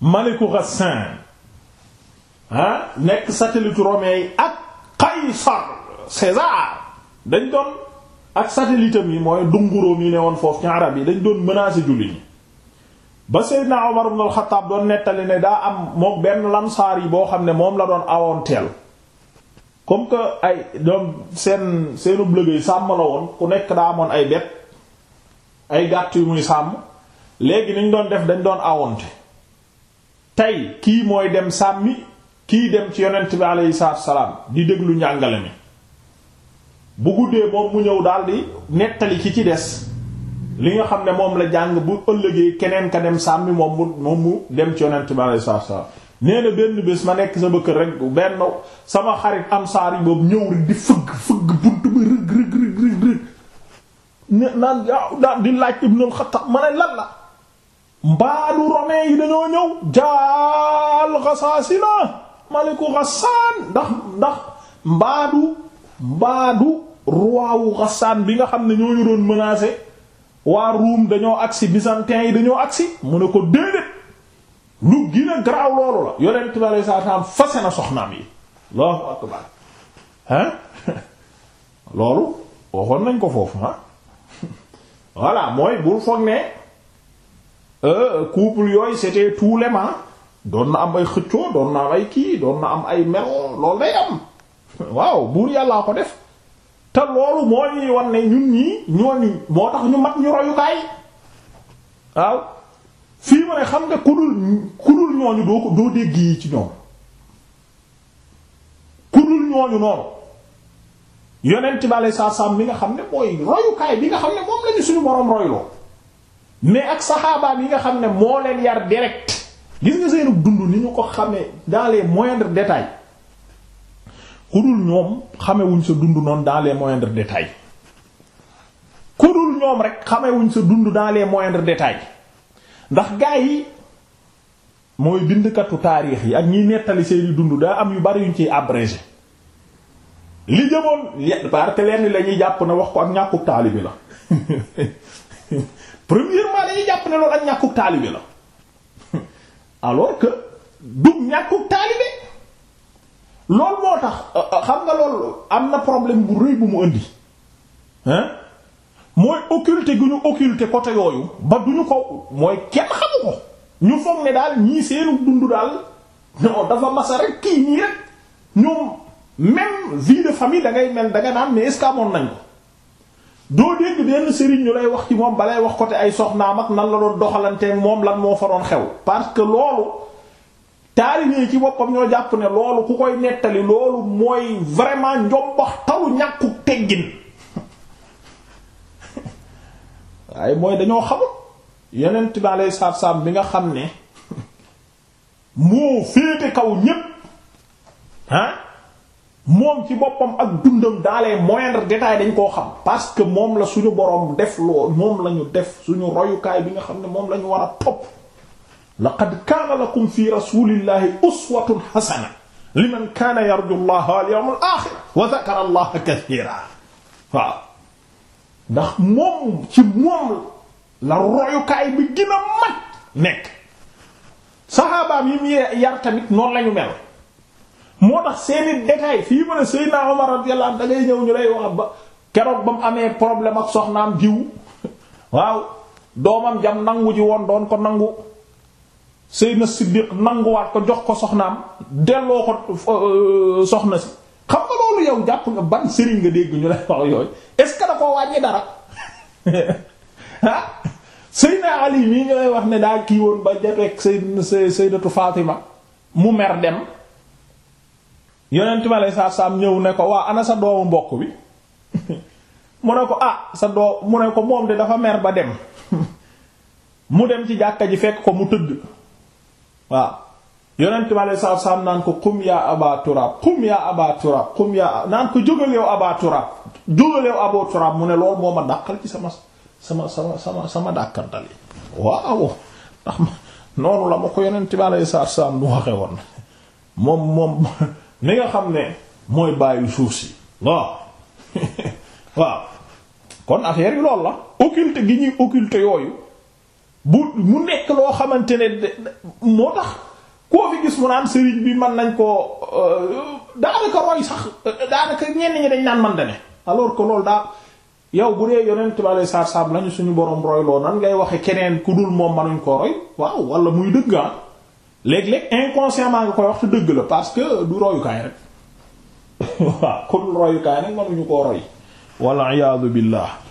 maliku Ghassan ah nekk satellite romain yi ak Qaysar César dañ doon ak satellite am yi mooy dunguróom yi ne woon foofu ci arab yi dañ doon menacer jullit ñi ba Seydina Omar ibn al nettali ne daa am moom benn lamsaar yi boo xam ne moom la doon awoon comme que ay doom seen seenu blëgéey sàmm ku nekk daa amoon ay bet ay gàtt yu muy sàmm léegi niñ doon def dañ doon awonte tey kii mooy dem sàmmi kii dem ci yonent bi aleyhi salaatu salaam di déglu njàngale mi bu guddee moom mu ñëw daldi nettali ki ci des li nga xam ne moom la jàng bu ëllëgee keneen ka dem sàmmi moom mu moom mu dem ci yonent bi aleyhi salaatu salaam nee na benn bés ma nekk sama kër bu benn sama xarit am saar yi boobu ñëw rek di fëgg fëgg bunt bi rëg rëg rëg rëg naan ah, di laaj Ibnul Xattaab ma ne lan la mbaadu romain yi dañoo ñëw jaal xasaasina maliku xasaan ndax ndax mbaadu mbaadu ruwaawu xasaan bi nga xam ne ñoo ñu doon menacé waa ruum dañoo agsi byzantin yi dañoo agsi mu ne ko déedéet lu gën a garaaw loolu la yonent bi alei fase na soxnaam yi loolu waxoon nañ ko foofu ah voilà mooy bul foog ne Euh, couple yooyu c'était tout le doon na am ay xëccoo doon na am ay kii doon na am ay melo loolu day am waaw buur yàllaa ko def te loolu moo ñuy ne ñun ñii ñooñu moo tax ñu mat ñu royukaay waaw fii ma ne xam ne kudul kudul ñooñu doo ko dégg yi ci ñoom kudul ñooñu noonu yonent bi aleyhi salaam mi nga xam ne mooy royukaay bi nga xam ne moom lañu suñu boroom royloo mais ak saxaabaam yi nga xam ne moo leen yar direct gis nga seenu dund ni ñu ko xame dans les moindres détails ku dul ñoom xamewuñ sa dund noonu dans les moindres détails ku dul ñoom rek xamewuñ sa dund dans les moindres détails ndax gaa yi mooy bindkatu taarix yi ak ñiy nettali seeni dund daa am yu bari yuñ ci abrégé li jëmoon parce que lenn la ñuy jàpp na wax ko ak ñàkkub taalibi la premièrement dañuy jàpp ne loolu ak ñàkkuk taalibe la alors que du ñàkkuk taalibe loolu moo tax euh, xam nga loolu am na problème bu rëy bu mu indi hein mooy occulter gu ñu occulter côté yooyu ba du ñu ko mooy kenn xamu ko ñu foog ne daal ñii seenu dund daal non dafa masa rek kii ñii rek ñoom même vie de famille da ngay mel da nga naan mais est nañ ko doo dégg benn sëriñ ñu lay wax ci moom balay wax ko côté ay soxnaam ak nan la doon doxalanteeg moom lan moo fa doon xew parce que loolu taalibe ci boppam ñoo jàpp ne loolu ku koy nettali loolu mooy vraiment njombax taw ñàkku teggin waaye mooy dañoo xamul yeneen bi alei saab bi nga xam ne moo féete kaw ñépp moom ci boppam ak dundam dans les moindres détails dañ koo xam parce que moom la suñu boroom def loo moom lañu def suñu royukaay bi nga xam ne moom lañu war a topp laqad kaana lakum fi rasulillahi uswatun hasana liman kaana yarju llaha wal yawmal axir wa dhakara allaha waaw ndax moom ci moom la royukaay bi gën mat nekk saxaabaam yi mu yar tamit noonu lañu mel moo tax seeni détail fii ma ne Seydina Omar radiyallahu anhu da ngay ñëw ñu lay wax ba keroot ba mu amee problème ak soxnaam jiw waaw doomam jam nangu ji woon doon ko nangu si Siddiq nanguwaat ko jox ko soxnaam delloo ko euh, soxna si xam nga loolu yow jàpp nga ban sëriñ nga dégg ñu lay wax yooyu est-ce que da koo wàññi dara ah Seydina Ali mii ñu lay wax ne daa kii woon ba jotee ak Seydina Sayyidatu Fatima mu mer dem. yonent mi aleyhi salaatu salaam ñëw ne ko waa ana sa doomu mbokk bi mu ne ko ah sa doo mu ne ko moom de dafa mer ba dem mu dem ci jàkka ji fekk ko mu tëdd waaw yonent mi aleyhi salaatu salaam naan ko qum yaa abaa turaab qum yaa abaa turaab qum yaa naan ko jógaleew abaa turaab jógaleew abaa turaab mu ne lool moo ma dàqal ci sama sama sama sama sama dàkkantal yi waaw ndax noonu la ma ko yonent mi aleyhi salaatu waxe woon moom moom mi nga xam ne mooy bàyyi suuf si waaw waaw kon affaire yi loolu la occulte gi ñuy occulte yooyu bu mu nekk loo xamante ne moo tax koo fi gis mu naan sëriñ bi mën nañ koo euh, daanaka roy sax euh, daanaka ñenn ñi dañ naan man dane alors que loolu daal yow bu dee yonent bi alei saatu lañu suñu borom royloo nan ngay waxe keneen ku dul moom mënuñ koo roy waaw wala muy dëgg ah. léeg-léeg inconsciemment nga koy wax dëgg la parce que du royukaay rek waaw ku dul royukaay nag mënuñu koo roy walla iyaadu billah